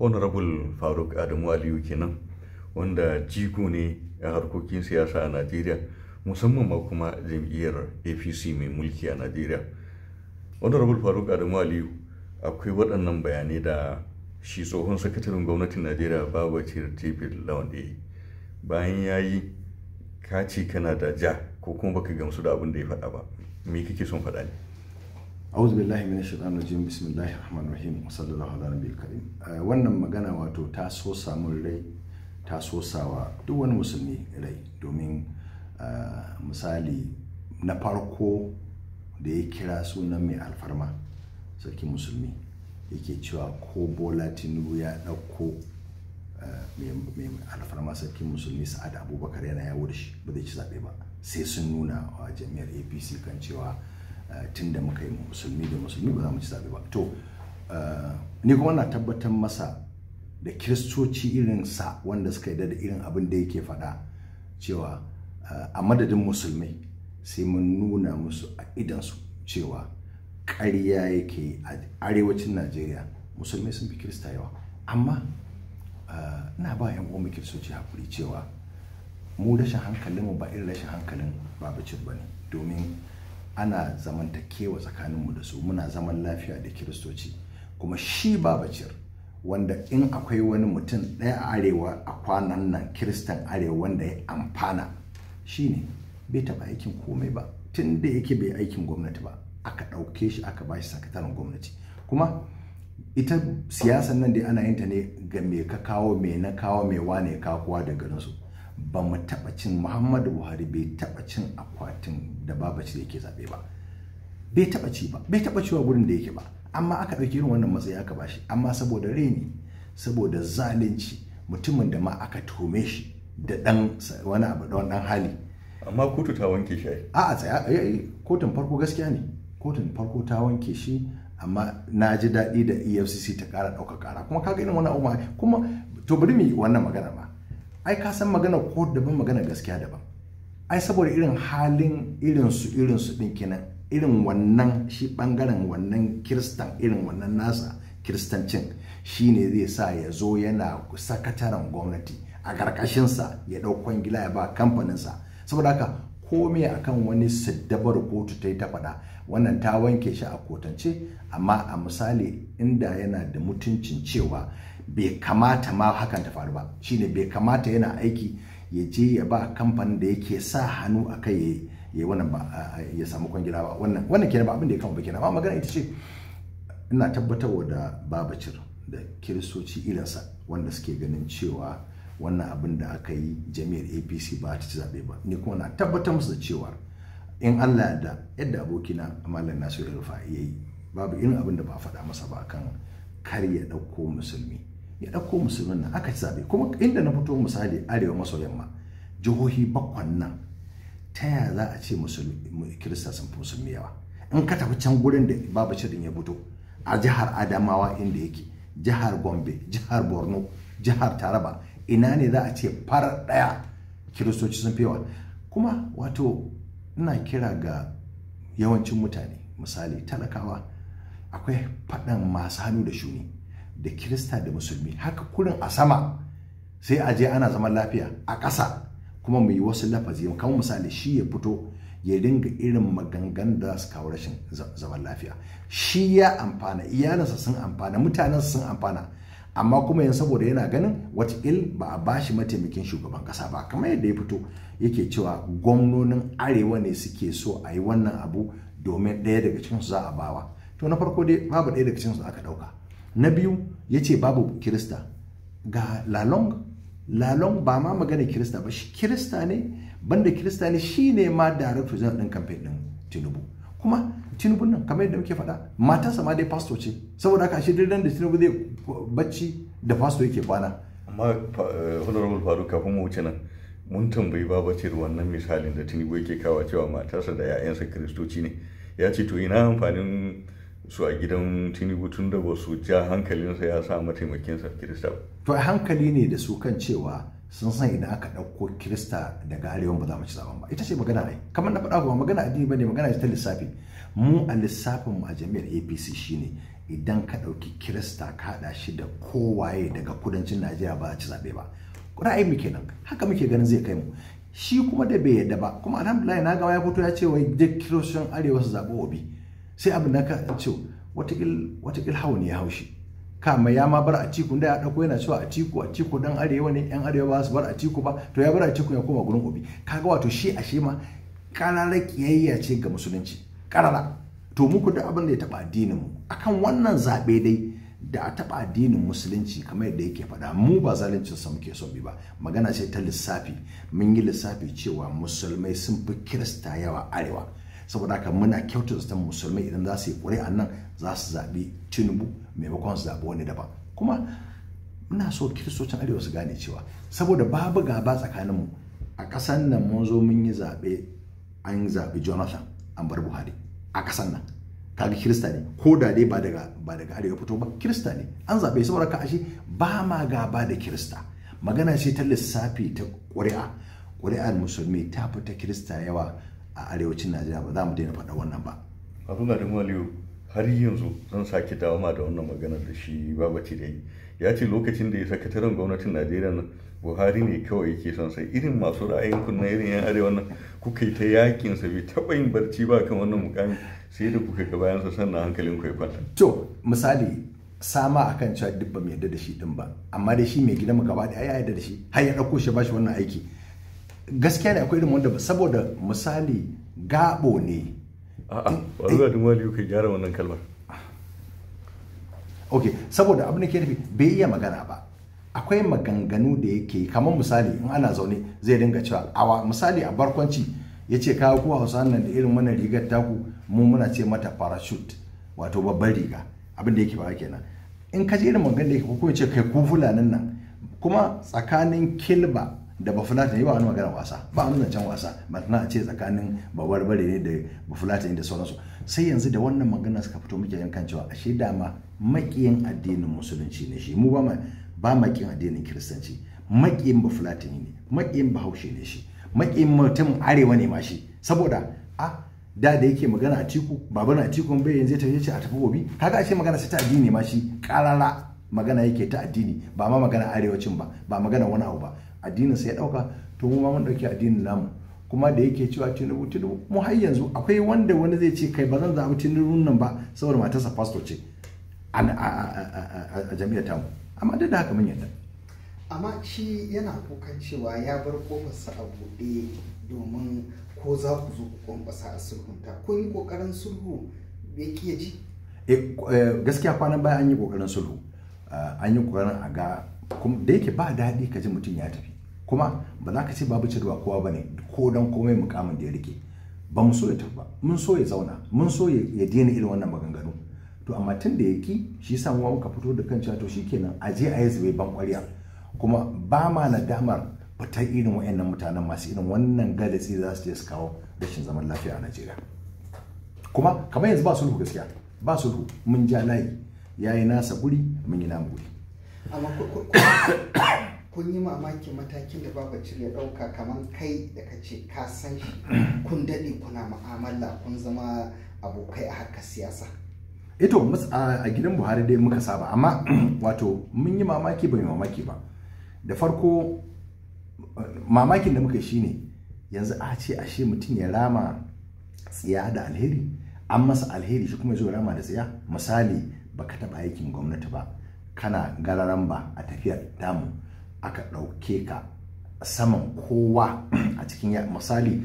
honorable faruk adamu aliyu kenan wanda jigo ne a harkokin siyasa a najeriya musamman ma kuma jam'iyyar apc mai mulki a najeriya honorable faruk adamu aliyu akwai waɗannan bayanai da shi tsohon sakataren gwamnatin najeriya babu tibir lawan bayan ya yi kaci kana da ja ko kuma baka gamsu da abin da ya faɗa ba me kake son faɗa ne auzu billahi min shaitan rajim bismillahi rahman rahim wa sallallahu ala nabiyil karim eh, wannan magana wato ta so samun rai ta so sawa duk wani musulmi rai domin eh, misali na farko da ya kira sunan mai alfarma sarki musulmi yake cewa ko bola tinubu ya ɗauko eh, mai alfarma sarki musulmi sa'ad abubakar yana yawo da shi ba zai ci zaɓe ba sai sun nuna wa jami'ar apc kan cewa Eh, tun da muka yi musulmi da musulmi ba za mu ci zaɓe ba to eh, ni kuma na tabbatar masa da kiristoci irin sa wanda suka yadda da irin abin da yake faɗa cewa eh, a madadin musulmi sai mun nuna musu a idansu cewa ƙarya yake a arewacin najeriya musulmi sun fi kirista yawa amma na ba yan uwan kiristoci hakuri cewa mu rashin hankalinmu ba irin rashin hankalin babu ba ne domin ana zamantakewa tsakaninmu da su muna zaman lafiya da kiristoci kuma shi babacir wanda in akwai wani mutum ɗaya arewa a kwanan nan kiristan arewa wanda ya amfana shine bai taɓa aikin komai ba tun da yake bai aikin gwamnati ba aka ɗauke shi aka ba shi sakataren gwamnati kuma ita siyasan nan da ana yin ta ne ga me ka kawo me na kawo me wane kawo kowa da ba mu taɓa cin muhammadu buhari bai taɓa cin akwatin da babaci da yake zaɓe ba bai taɓa ci ba bai taɓa ciwa gurin da yake ba amma aka ɗauki irin wannan matsayi aka bashi amma saboda reni saboda zalunci mutumin da ma aka tome shi da ɗan wani abu da wannan hali amma kotu ta wanke shi a a tsaya eh, eh, kotun farko gaskiya ne kotun farko ta wanke shi amma na ji daɗi da efcc ta ƙara ɗaukar ƙara kuma kaga irin wani abu kuma to bari mu yi wannan magana ma ai ka san magana ko daban magana gaskiya daban ai saboda irin halin irinsu irinsu ɗin kenan irin wannan shi bangaren wannan kiristan irin wannan nasa kiristancin shine zai sa ya zo yana sakataren gwamnati a ƙarƙashinsa ya ɗau gila ya ba kamfanin sa saboda haka komai akan wani siddabar kotu ta yi ta faɗa wannan ta wanke shi a kotance amma a misali inda yana da mutuncin cewa bai kamata ma hakan ta faru ba shine bai kamata yana aiki ya je ya ba kamfanin da yake sa hannu a kai ya wannan ba ya samu kwangila ba wannan wannan kenan ba abin da ya kama ba kenan ba, magana ita ce ina tabbatarwa da babacir da kiristoci irinsa wanda suke ganin cewa wannan abin da aka yi jami'ar apc ba ta ci zaɓe ba ni kuma na tabbatar musu da cewa in allah da yadda abokina malam nasiru rufa ya yi babu irin abin da ba faɗa masa ba kan kar ya ɗauko musulmi ya ɗauko musulmin nan aka ci zaɓe kuma inda na fito misali arewa maso yamma jihohi bakwan nan ta yaya za a ce kirista sun fi musulmi yawa in ka tafi can gurin da babu shirin ya fito a jihar adamawa inda yake jihar gombe jihar borno jihar taraba ina ne za a ce far ɗaya kiristoci sun fi yawa kuma wato ina kira ga yawancin mutane misali talakawa akwai faɗan masu hannu da shuni da kirista da musulmi haka kurin a sama sai a je ana zaman lafiya a ƙasa kuma mu wasu lafazi kamar misali shi ya fito ya dinga irin magangan da su kawo rashin zaman lafiya shi ya amfana iyalansa sun amfana mutanen sun amfana amma kuma yanzu saboda yana ganin wata il ba a ba shi mataimakin shugaban kasa ba kamar yadda ya fito yake cewa gwamnonin arewa ne suke so a yi wannan abu domin ɗaya daga cikinsu za a bawa to na farko dai babu ɗaya daga cikinsu aka ɗauka na biyu ya ce babu kirista ga lalong lalong ba ma magana kirista ba shi kirista ne banda kirista ne shi ne ma direct result din campaign ɗin tinubu kuma tinubu nan kamar yadda muke faɗa matarsa ma dai pasto ce saboda haka shi dirdan da tinubu zai bacci da pasto yake kwana amma eh, honorable faru kafin mu wuce nan mun tambayi da wannan misalin da tinubu yake kawo cewa matarsa da 'ya'yansa kiristoci ne ya ce to ina amfanin su a gidan tinubu tun da ba su ja hankalinsa ya sa mataimakinsa kirista to a hankali ne da su kan cewa sun san idan aka ɗauko kirista daga arewan ba za mu ci zaben ba ita ce magana ne kamar na faɗa kuma magana addini ba ne magana ta lissafi mu a lissafin mu a jami'ar apc shine idan ka ɗauki kirista ka haɗa shi da kowaye daga kudancin najeriya ba za ci zaɓe ba ra'ayi mu kenan haka muke ganin zai kai mu shi kuma da bai yadda ba kuma alhamdulillah na gama ya fito ya ce wai duk kiroshin arewa su zaɓi obi sai abin da ka ce watakil hawa ne ya haushi kama ya ma bar a ciku da ya dauko yana cewa a ciku a ciku dan arewa ne yan arewa ba su bar a ciku ba to ya bar a ciku ya koma gurin obi kaga wato shi a ma? kararar kiyayya ce ga musulunci karara to muku da abin da ya taba addinin mu akan wannan zabe dai da a taba addinin musulunci kamar yadda yake faɗa mu ba zalincin sa muke son bi ba magana ce ta lissafi mun yi lissafi cewa musulmai sun fi kirista yawa arewa saboda haka muna kyautata zaton musulmai idan za su yi ƙuri'a nan za su zaɓi tinubu maimakon su zaɓi wani daban kuma muna so kiristocin arewa su gane cewa saboda babu gaba tsakaninmu a ƙasan nan mun zo mun yi zaɓe an zaɓi jonathan an bar buhari a ƙasan nan ga kirista ne ko da dai ba daga ba daga arewa fito ba kirista ne an zaɓe saboda ka ashe ba ma gaba da kirista magana ce ta lissafi ta ƙuri'a ƙuri'ar musulmi ta fi ta kirista yawa a arewacin najeriya ba za mu daina faɗa wannan ba haruna da har yanzu zan sake dawama da wannan maganar da shi babaci da yi ya ce lokacin da ya sakataren gwamnatin najeriya nan buhari ne kawai yake son sai irin masu ra'ayin kunna irin yan arewa nan kuka yi ta yakin sa bai taɓa yin barci ba kan wannan mukami sai da kuka ga bayan sa sannan hankalin ku ya kwanta to misali sama akan cewa dubba mai yadda yarda da shi din ba amma da shi mai gidan mu gaba da ya yadda da shi har ya ɗauko shi ba shi wannan aiki gaskiya ne akwai irin wanda saboda misali gabo ne a'a ba zuwa duk kai gyara wannan kalmar ok saboda abin da ke nufi bai iya magana ba akwai maganganu da yake kamar misali in ana zaune zai dinga cewa awa misali a barkwanci ya ce kawo kuwa hausa nan da irin wannan rigar taku mu muna ce mata parachute wato babban riga abin da yake ba kenan in ka je irin maganganu da yake ko kuma ce kai ku fulanin nan kuma tsakanin kilba da bafulata ne ba wani magana wasa ba nuna can wasa ba a ce tsakanin babar bare ne da bafulata ne da sauransu sai yanzu da wannan magana suka fito muke yankan cewa ashe dama makiyin addinin musulunci ne shi mu ba makiyin addinin kiristanci makiyin bafulata ne makiyin bahaushe ne shi makiyin mutum arewa ne ma shi saboda a da da yake magana a tiku baba na tikun bai yanzu ya ce a tafi gobe kaga ashe magana sai ta addini ma shi karara magana yake ta addini ba ma magana arewacin ba ba magana wani abu ba addinin sai ya dauka to mu ma mun dauki addinin namu kuma da yake cewa tinubu tinubu mu har yanzu akwai wanda wani zai ce kai ba zan zaɓi tinubu nan ba saboda matarsa pastor ce a jami'ar tamu amma duk da haka mun yadda amma shi yana kukan cewa ya bar kofarsa a buɗe domin ko za ku zo ku kwambasa a sulhunta Ko yi kokarin sulhu ya kiya ji eh, eh, gaskiya kwanan baya an yi kokarin sulhu ah, an yi kokarin a ga da yake ba daɗi ka ji mutum ya tafi kuma ba za ka ce babu cewa kowa ba ne ko don komai mukamin da ya rike ba mu so ya tafi ba mun so ya zauna mun so ya daina irin wannan maganganu to amma tun da ya shi yasa mu muka fito da kan cewa to shikenan a je a yi zube ban kwarya kuma ba ma nadamar fitar irin wayannan mutanen masu irin wannan galatsi za su je su kawo rashin zaman lafiya a Najeriya kuma kamar yanzu ba sulhu gaskiya ba sulhu mun ja layi yayi nasa guri mun yi namu guri kun yi mamakin matakin da babacin ya ɗauka kamar kai da ka ce ka san shi kun daɗe kuna ma'amala kun zama abokai a haka siyasa ito a gidan buhari dai muka saba amma wato mun yi mamaki ba mamaki ba da farko mamakin da muka shine yanzu a ce a ashe mutum ya rama tsiya da alheri an masa alheri shi kuma ya zo rama da tsiya misali baka taɓa aikin gwamnati ba kana gararan ba a tafiyar damu. aka ɗauke ka saman kowa a cikin misali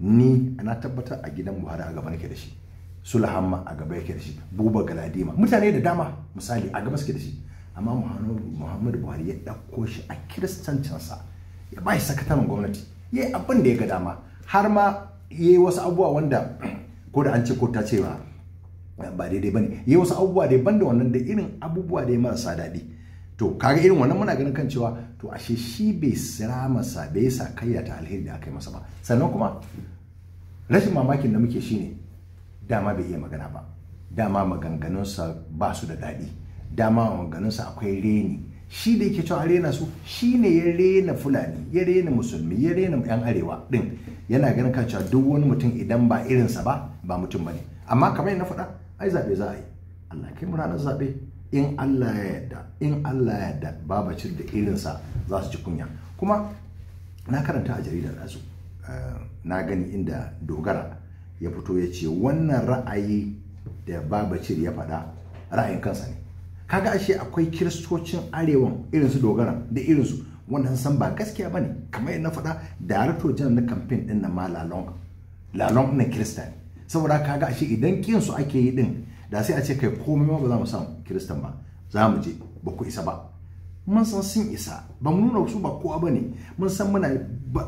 ni na tabbatar a gidan buhari a gaba nake da shi sulahamma a gaba yake da shi buba galadima mutane da dama misali a gaba suke da shi amma muhammadu buhari ya ɗauko shi a kiristancinsa ya ba shi sakataren gwamnati ya yi abin da ya ga dama har ma ya yi wasu abubuwa wanda ko da an ce ko ta cewa ba daidai ba ne ya yi wasu abubuwa daban da wannan da irin abubuwa da ya marasa daɗi to kaga irin wannan muna ganin kan cewa to ashe shi bai sira masa bai sa kayya ta alheri da aka yi masa ba sannan kuma rashin mamakin da muke shine dama bai iya magana ba dama maganganunsa ba su da daɗi dama maganganunsa akwai reni shi da yake cewa rena su shi ne ya rena fulani ya rena musulmi ya rena yan arewa din yana ganin kan cewa duk wani mutum idan ba irinsa ba ba mutum bane amma kamar na faɗa ai zaɓe za a yi Allah kai mu ranar zaɓe in Allah ya yadda in Allah ya babacin da irinsa za su ci kunya kuma na karanta a jaridar nasu eh, na gani inda dogara ya fito ya ce wannan ra'ayi da babacin ya faɗa ra'ayin kansa ne kaga ashe akwai kiristocin arewan irinsu dogara da irinsu wannan san ba gaskiya ba ne kamar yadda na faɗa darakto janar na kamfen ɗin na ma lalong lalong na kirista ne saboda kaga ashe idan kinsu ake yi din. da sai a ce kai komai ma ba za mu samu kiristan ba za mu je ba ku isa ba mun san sun isa ba mu nuna su ba kowa ba ne mun san muna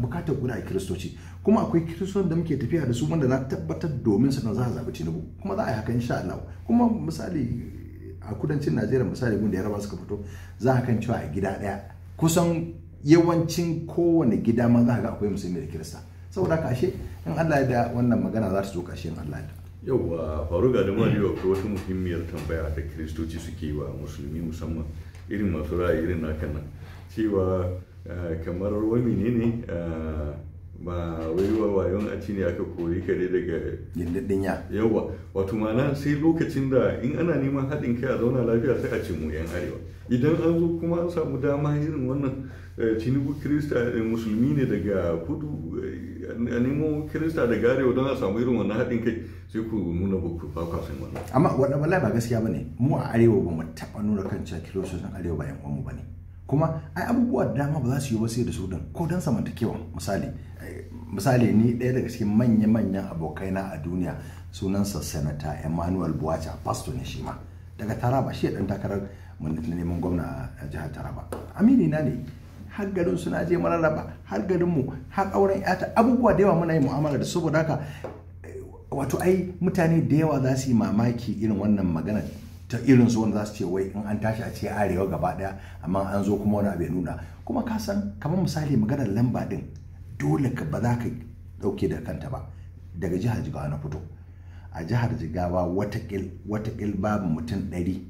bukatar guda a kiristoci kuma akwai kiristoci da muke tafiya da su wanda na tabbatar domin su za a zaɓi tinubu kuma za a yi hakan insha Allah kuma misali a kudancin najeriya misali gunda yaraba suka fito za a kan cewa a gida ɗaya kusan yawancin kowane gida ma za a ga akwai musulmi da kirista saboda kashe in Allah ya da wannan magana za ta zo kashe in Allah ya da yauwa faru ga dama ne mm. akwai wata muhimmiyar tambaya da kiristoci suke wa musulmi musamman irin masu ra'ayi irin naka nan cewa eh, kamar wani ne ne eh, ba wai wa wayon a ne aka kori kare daga gindin ya yawa wato mana sai lokacin da in ana neman haɗin kai a zauna lafiya sai a ce mu yan arewa idan an zo kuma an samu dama irin wannan cinibu eh, kirista eh, musulmi ne daga kudu eh, a nemo kirista daga arewa don a samu irin wannan haɗin kai sai ku nuna ba ku fafa wannan amma wannan ba gaskiya ba ne mu a arewa ba mu taɓa nuna kan cewa kiristocin arewa ba yan uwanmu ne. kuma ai abubuwa da dama ba za su yi ba sai da su din ko dan samantakewa misali misali ni ɗaya daga cikin manya-manyan abokaina a duniya sunansa senator emmanuel buwacha pastor ne shi ma daga taraba shi ɗan takarar neman gwamna a jihar taraba amini na ne har garin suna je mararaba har garin mu har auren yata abubuwa da yawa muna yi mu'amala da saboda haka eh, wato ai mutane da yawa za su yi mamaki irin wannan magana ta irin su wanda za su ce wai in an tashi a ce arewa gaba daya amma an zo kuma wani abu nuna kuma ka san kamar misali maganar lamba din dole ka ba za ka dauke da kanta ba daga jihar jigawa na fito a jihar jigawa watakil babu mutum dari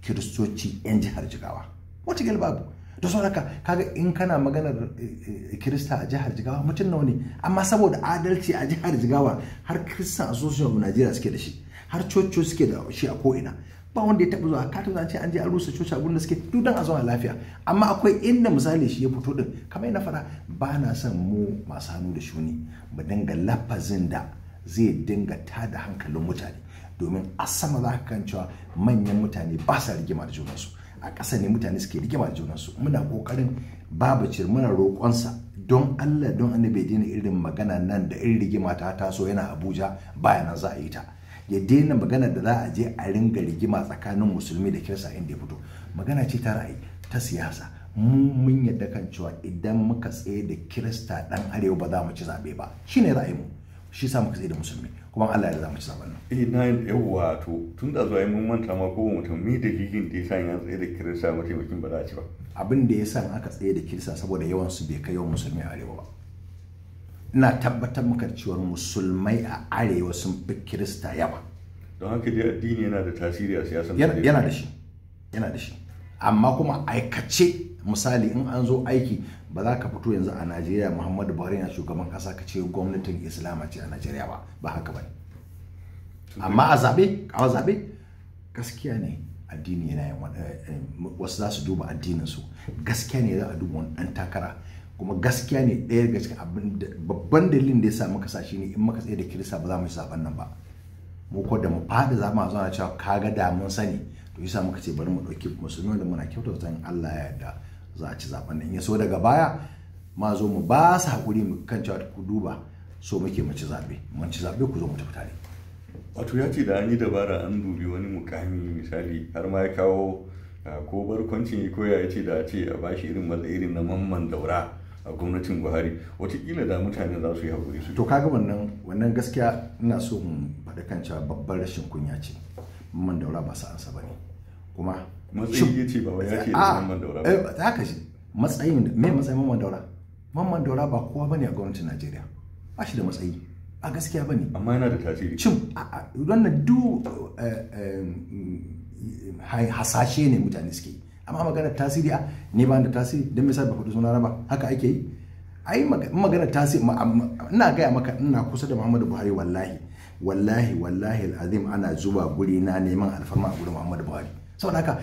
kiristoci 'yan jihar jigawa watakil babu da sau haka kaga in kana maganar eh, kirista a jihar jigawa mutum nawa ne amma saboda adalci a jihar jigawa har kirista a sosiyon najeriya suke da shi har coci suke da shi a ko'ina ba wanda ya taɓa zuwa ce an je an rusa coci a gurin da suke dudan a zauna lafiya amma akwai inda misali shi ya fito din kamar na fara ba na son mu masu hannu da shuni mu dinga lafazin da zai dinga ta da hankalin mutane domin a sama za ka kan cewa manyan mutane ba sa rigima da junansu a ƙasa ne mutane suke rigima da junansu muna ƙoƙarin babu muna roƙonsa don Allah don annabi dina irin magana nan da irin rigima ta taso yana Abuja bayanan za a yi ta ya daina magana da za a je a ringa rigima tsakanin musulmi da kirsa inda ya fito magana ce ta ra'ayi ta siyasa mu mun yadda kan cewa idan muka tsaye da kirista dan arewa ba za mu ci zaɓe ba shine mu shi sa muka tsaye da musulmi kuma Allah ya za mu ci zaɓen nan eh na yawa to tun da zuwa mun manta ma ko mutum da dalilin da yasa ya tsaye da kirista mataimakin ba za a ci ba abin da yasa aka tsaye da kirista saboda yawan su bai kai yawan musulmi a arewa ba ina tabbatar maka cewar musulmai a arewa sun fi kirista yawa don haka dai addini yana da tasiri a siyasar yana da shi yana da shi amma kuma aikace misali in an zo aiki ba za ka fito yanzu a najeriya muhammadu buhari yana shugaban kasa ka ce gwamnatin islama ce a najeriya ba ba haka ba amma a zaɓe a zaɓe gaskiya ne addini yana yin eh, eh, wasu za su duba addinin su. gaskiya ne za a duba wani ɗan takara kuma gaskiya ne ɗaya daga cikin abin babban dalilin da ya sa muka sa shi ne in muka tsaye da kirista ba za mu yi saban nan ba mu ko da mu faɗi za mu zauna cewa kaga da mun sani to yasa muka ce bari mu ɗauki musulmi da muna kyauta zan Allah ya yarda za a ci zaben nan ya so daga baya ma zo mu ba su hakuri mu kan cewa ku duba so muke mu ci zaɓe mun ci zaɓe ku zo mu tafi tare. wato ya ce da an yi dabara an dubi wani mukami misali har ma ya kawo ah, ko barkwancin koya ya ce da a ce a bashi irin matsayi irin na mamman daura a gwamnatin buhari watakila da mutane za su yi haƙuri su to kaga wannan wannan gaskiya ina so mu faɗi kan cewa babbar rashin kunya ce man daura ba su ansa ne kuma matsayi ya ce ba wai ya ce da ah, man daura ba eh, haka shi matsayin me matsayin man daura man daura ba kowa bane a gwamnatin najeriya ba shi da matsayi a gaskiya ba ne. amma yana da tasiri cin wannan du eh, eh, mm, hasashe ne mutane suke yi amma magana tasiri a ah, ni ba da tasiri don misali ba faɗi suna ba haka ake yi ai magana tasiri ina gaya maka ina kusa da Muhammadu Buhari wallahi wallahi wallahi alazim ana zuwa guri na neman alfarma a gurin Muhammadu Buhari saboda haka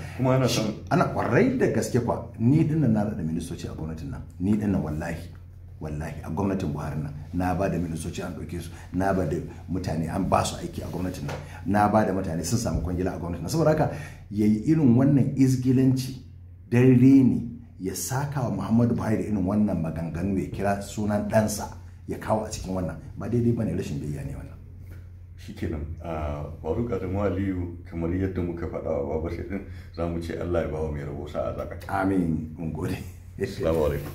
ana kwarai da gaske kwa ni dinnan na da ministoci a gwamnatin nan ni dinnan wallahi wallahi a gwamnatin buhari nan na ba da ministoci an ɗauke su na ba da mutane an ba su aiki a gwamnatin nan na ba da mutane sun samu kwangila a gwamnatin nan saboda haka ya yi irin wannan izgilanci dan reni ya saka wa muhammadu buhari da irin wannan maganganu ya kira sunan ɗansa ya kawo a cikin wannan ba daidai ba ne rashin biyayya ne wannan a faruk adamu aliyu kamar yadda muka faɗa wa babar shaɗin za mu ce allah ya ba wa mai rabo sa'a zaka amin mun gode alaikum